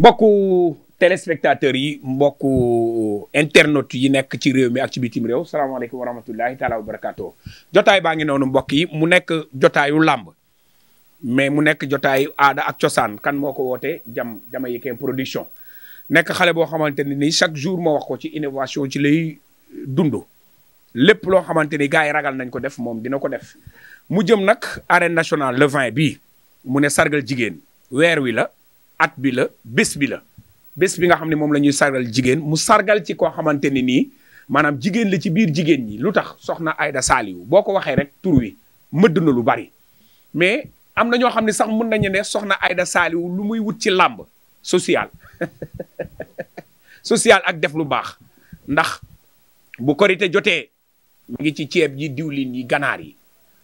mbokku téléspectateurs yi mbokku internautes yi nekk ci réew mi ak ci bitim réew salaamaaleykum wa rahmatullahi taala wa barakaatu jotaay baa ngi noonu mbokk yi mu nekk jotaayu làmb mais mu nekk jotaayu aada ak cosaan kan moo ko wootee jam jama yekeen production nekk xale boo xamante ne ni chaque jour moo wax ko ci innovation ci lay dund lépp loo xamante ni gars yi ragal nañ ko def moom dina ko def mu jëm nag arène nationale le 20 bii mu ne sargal jigéen weer wi la at bi la bés bi la bés bi nga xam ne moom la ñuy sargal jigéen mu sargal ci koo xamante ne nii maanaam jigéen la ci biir jigéen ñi lu tax soxna Aida Saliou boo ko waxee rek tur wi mëdd na lu bari mais am na ñoo xam ne sax mun nañu ne soxna Aida Saliou lu muy wut ci làmb social social ak def lu baax ndax bu korité jotee mu ngi ci ceeb yi diwlin yi ganaar yi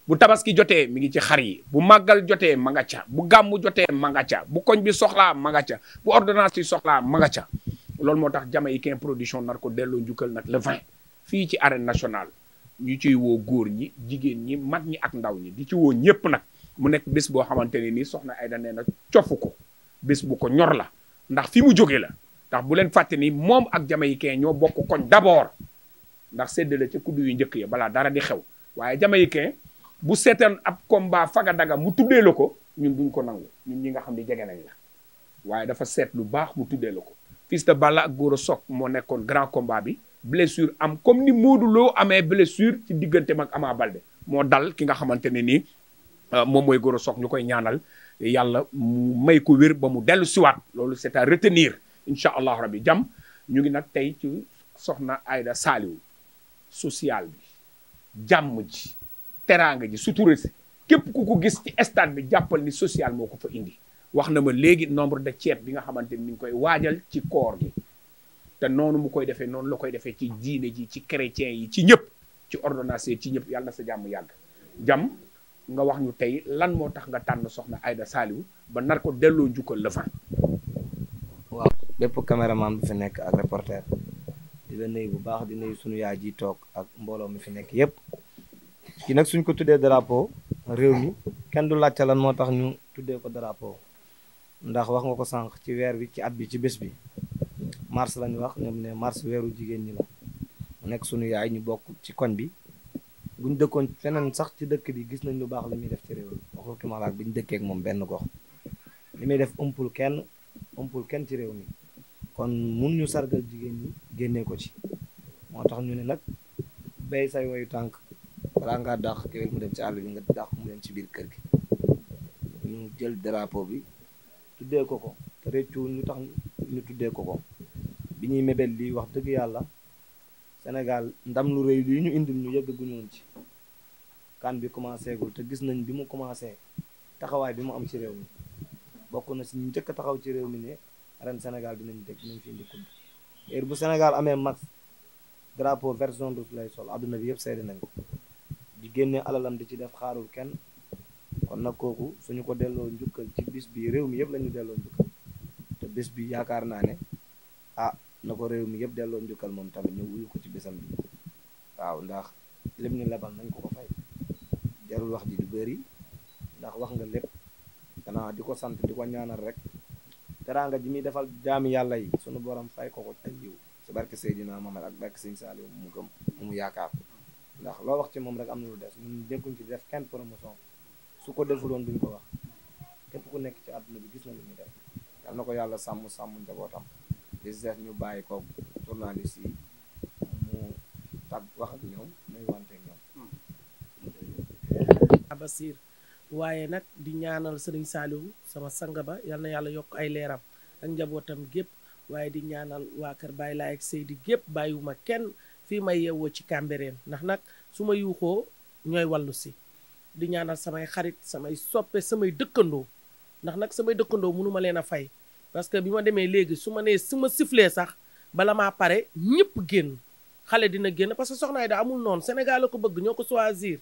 bu tabaski jotee mi ngi ci xar yi bu màggal jotee ma nga bu gàmmu jotee ma nga bu koñ bi soxlaa ma nga ca bu soxlaa ma ca loolu moo tax jamaïcain production nar ko delloo njukkal nag le vin fii ci arène national ñu ci woo góor ñi jigéen ñi mag ñi ak ndaw ñi di ci woo ñépp nag mu nekk bés boo xamante ne nii soxna ay nee na cofu ko bés bu ko ñor la ndax fi mu jógee la ndax bu leen fàtte ni moom ak jamaïcain ñoo bokk koñ d'abord ndax séddale ca kuddu yu njëkk ya balaa dara di xew bu seetaan ab komba faga mu tuddee la ko ñun duñ ko nangu ñun ñi nga xam ne jege nañ la waaye dafa seet lu baax mu tuddee la ko Fils de Balla ak Gora Sock moo nekkoon grand combat bi blessure am comme ni Modou Lo amee blessure ci diggante mag Ama Balde moo dal ki nga xamante ne nii euh, moom mooy Gora Sock ñu koy ñaanal yàlla mu may ko wér ba mu dellu siwaat loolu c'est à retenir incha allahu rabbi jàmm ñu ngi nag tey ci soxna Aida Saliou social bi jàmm teraanga ji sutura si képp ku ko gis ci stade bi jàppal ni social moo ko fa indi wax na ma léegi nombre de ceeb bi nga xamante ni mi ngi koy waajal ci koor gi te noonu mu koy defee noonu la koy defee ci diine ji ci chrétien yi ci ñëpp ci ordonnance ci ñëpp yàlla sa jàmm yàgg jàmm nga wax ñu tey lan moo tax nga tànn soxna Aida Saliou ba nar ko delloo njukkal la fan waaw bépp caméraman bi fi nekk ak reporter di la nuyu bu baax di nuyu sunu yaay ji toog ak mbooloo mi fi nekk yépp kii nag suñ ko tuddee drapeau réew mi kenn du laajte moo tax ñu tuddee ko drapeau ndax wax nga ko sànq ci weer bi ci at bi ci bés bi mars lañu wax ñoom ne mars weeru jigéen ñi la mu nekk suñu yaay ñu bokk ci koñ bi buñ dëkkoon feneen sax ci dëkk bi gis nañ lu baax li muy def ci réew mi waxutuma laak biñ dëkkeek moom benn gox li muy def ëmpul kenn ëmpul kenn ci réew mi kon mun ñu sargal jigéen ñi génnee ko ci moo tax ñu ne nag béy say wayu tànk balaa ngaa dàq keneen mu dem ci àll bi nga dàq mu dem ci biir kër gi ñu jël drapeau bi tuddee ko ko réccu ñu tax ñu tuddee ko ko bi ñuy mébét lii wax dëgg yàlla senegal ndam lu réy lii ñu indil ñu yëggaguñu woon ci kan bi commencé gul te gis nañ bi mu commencé taxawaay bi mu am ci réew mi bokk na si ñu njëkk taxaw ci réew mi ne ren Sénégal dinañ teg dinañ fi indi kudd heure bu Sénégal amee max drapeau vert jaune lay sol adduna bi yëpp seede nañ ko génne alalam di ci def xaarul kenn kon nag kooku suñu ko delloo njukkal ci bis bi réew mi yëpp lañu ñu delloo njukkal te bis bi yaakaar naa ne ah na ko réew mi yëpp delloo njukkal moom tamit ñu wuyu ko ci bisam bi waaw ndax lim ñu lebal nañ ko ko fay jarul wax ji du bëri ndax wax nga lépp danaa di ko sant di ko ñaanal rek teraanga ji muy defal jaami yàlla yi sunu borom fay ko ko ay yiw ci barke Seydina Mohamed ak barke Sëñ Saaliw mu gëm mu yaakaar ndax loo wax ci moom rek am na lu des ñun dégguñ ci def kenn promotion su ko defuloon duñ ko wax képp ku nekk ci àdduna bi gis na lu ñu def yal na ko yàlla sàmm sàmm njabootam di ñu bàyyi ko journaliste yi mu tag waaye nag di ñaanal sëriñ Saaliw sama sang ba yal na yàlla yokk ay leeram ak njabootam gépp waaye di ñaanal waa kër Baye Laye ak Seydi gépp bàyyiwuma kenn fii may yeewoo ci Cambérène ndax nag su ma yuuxoo ñooy wàllu si di ñaanal samay xarit samay soppe samay dëkkandoo ndax nag samay dëkkandoo mënu ma leen a fay parce que bi ma demee léegi su ma nee su ma siflee sax bala maa pare ñëpp génn xale dina génn parce que soxnaay da amul noonu Sénégal la ko bëgg ñoo ko choisir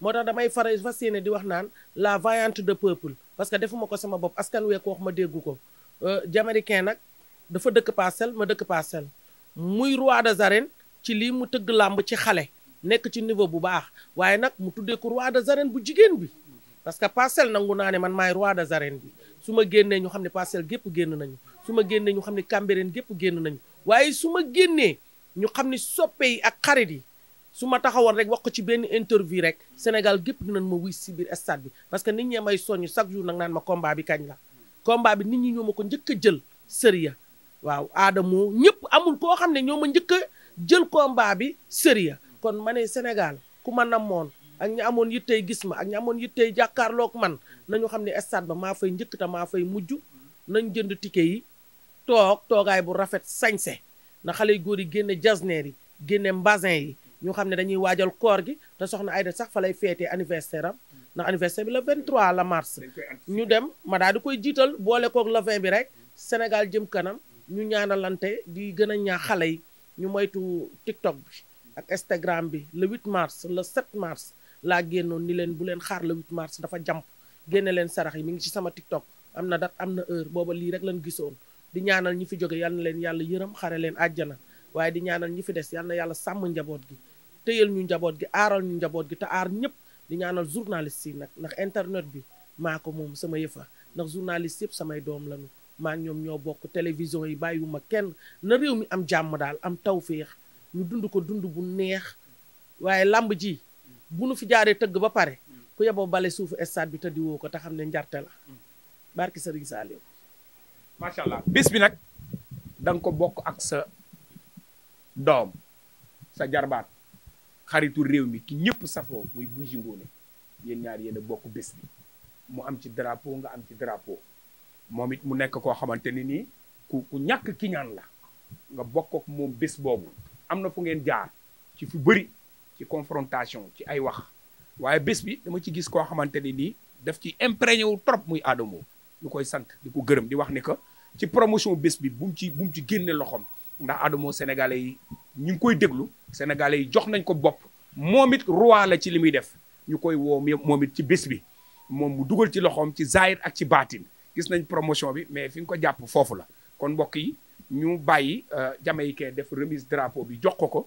moo tax damay faral fas yéene di wax naan la vaillante de peuple parce que defuma ko sama bopp askan wee ko wax ma déggu ko jamaricain euh, nag dafa dëkk parcelle ma dëkk parcelle ci lii mu tëgg làmb ci xale nekk ci niveau bu baax waaye nag mu tuddee ko roi des arènes bu jigéen bi parce que parcelle nangu naa ne man maay roi des arènes bi su ma génnee ñu xam ne parcelle gépp génn nañu su ma génnee ñu xam ne Cambérène gépp génn nañu waaye su ma génnee ñu xam ne soppe ak xarit yi su ma taxawoon rek wax ko ci benn interview rek Sénégal gépp dinañ ma wuy si biir stade bi parce que nit ñee may soññ chaque jour nag naan ma combat bi kañ la combat bi nit ñi ñoo ma ko njëkk a jël sëriya waaw aadamoo ñëpp amul koo xam ne ñoo ma njëkk jël combat bi sérieux kon ma ne Sénégal ku ma namoon ak ñu amoon yittey gis ma ak ñu amoon yittey jàkkaarlook man na nañu xam ne stade ba maa fay njëkk te maa fay mujj nañ jënd ticket yi toog toogaay bu rafet sañse na xale yu góor yi génne jasneer yi génne mbasin yi ñu xam ne dañuy waajal koor gi te soxna Aïda sax fa lay féetee anniversaire am ndax anniversaire bi le 23 la mars ñu dem ma daal di koy jiital boole koog le 20 bi rek Sénégal jëm kanam ñu ñaanalante di gën a ñaax xale yi ñu moytu TikTok bi ak Instagram bi le 8 mars la 7 mars laa génnoon ni leen bu leen xaar le 8 mars dafa jàmp génne leen sarax yi mi ngi ci sama TikTok am na date am na heure booba lii rek lan gisoon di ñaanal ñi fi jóge yal leen yàlla yërëm xare leen àjjana waaye di ñaanal ñi fi des yal yàlla sàmm njaboot gi téyal ñu njaboot gi aaral ñu njaboot gi te aar ñëpp di ñaanal journaliste si nag ndax internet bi maa ko moom sama yëfa ndax journaliste yëpp samay doom lañu maa ñoom ñoo bokk télévision yi bàyyiwuma kenn na réew mi am jàmm daal am tawféex ñu dund ko dund bu neex waaye làmb ji bu nu fi jaaree tëgg ba pare ku yeboo bale suufu stade bi te di ko te xam ne njarte la barki Serigne Saliou macha allah bis bi nag da ko bokk ak sa doom sa jarbaat xaritu réew mi ki ñëpp safoo muy Bougie Ngoné yéen ñaar yéen bokk bés bi mu am ci drapeau nga am ci drapeau moom it mu nekk koo xamante ni nii ku ku ñàkk kiñaan la nga bokk moom bés boobu am na fu ngeen jaar ci fu bëri ci confrontation ci ay wax waaye bés bi dama ci gis koo xamante ni nii daf ci imprégné wu trop muy Adamo ñu koy sant di ko gërëm di wax ni que ci promotion bés bi bu ci bu ci génne loxoom ndax Adamo sénégalais yi ñu ngi koy déglu sénégalais yi jox nañ ko bopp moom it roi la ci li muy def ñu koy woo moom it ci bés bi moom mu dugal ci loxoom ci zaahir ak ci baatin gis nañ promotion bi mais fi nga ko jàpp foofu la kon mbokk yi ñu bàyyi euh, jamaïcain def remise drapeau bi jox ko ko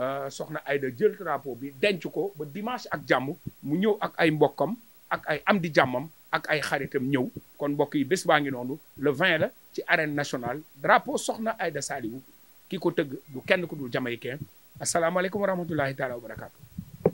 euh, soxna Aida jël drapeau bi denc ko ba dimanche ak jàmm mu ñëw ak ay mbokkam ak ay am di jàmmam ak ay xaritam ñëw kon mbokk yi bés baa ngi noonu le 20 la ci arène nationale drapeau soxna Aida Saliou ki ko tëgg du kenn ku dul jamaïcain asalaamaaleykum wa rahmatullahi taala wa barakaatu